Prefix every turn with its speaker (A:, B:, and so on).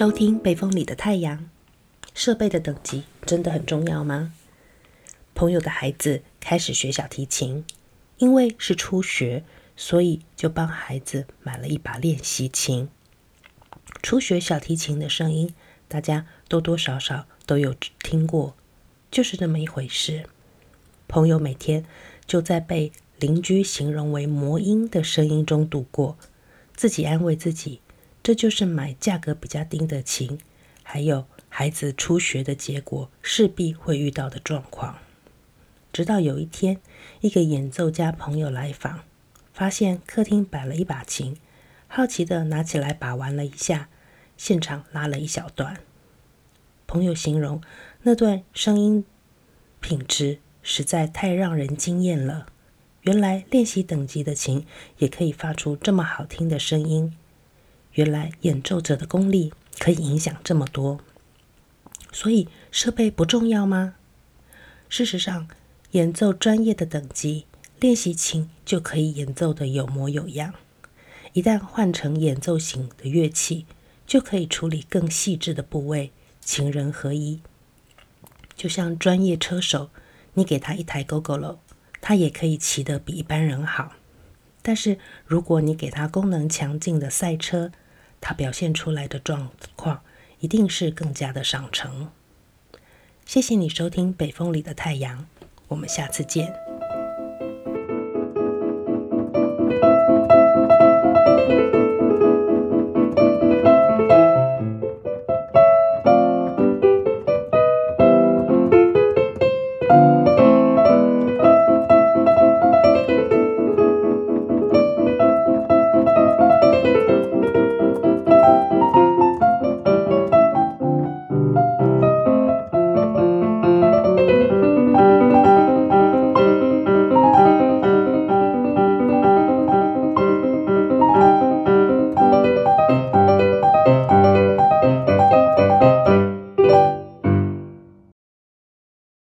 A: 收聽《北風裡的太陽》。設備的等級真的很重要嗎？朋友的孩子開始學小提琴，因為是初學，所以就幫孩子買了一把練習琴。初學小提琴的聲音，大家多多少少都有聽過，就是這麼一回事。朋友每天就在被鄰居形容為“魔音”的聲音中度過，自己安慰自己。這就是買價格比較低的琴，還有孩子初學的結果勢必會遇到的狀況。直到有一天，一個演奏家朋友來訪，發現客廳擺了一把琴，好奇的拿起來把玩了一下，現場拉了一小段。朋友形容那段聲音品質實在太讓人驚豔了。原來練習等級的琴也可以發出這麼好聽的聲音。原來演奏者的功力可以影響這麼多，所以設備不重要嗎？事實上，演奏專業的等級，練習琴就可以演奏的有模有樣。一旦換成演奏型的樂器，就可以處理更細緻的部位，琴人合一。就像專業車手，你給他一台 Gogoro，他也可以騎得比一般人好。但是如果你給他功能強勁的賽車，它表現出來的狀況一定是更加的上乘。謝謝你收聽《北風裡的太陽》，我們下次見。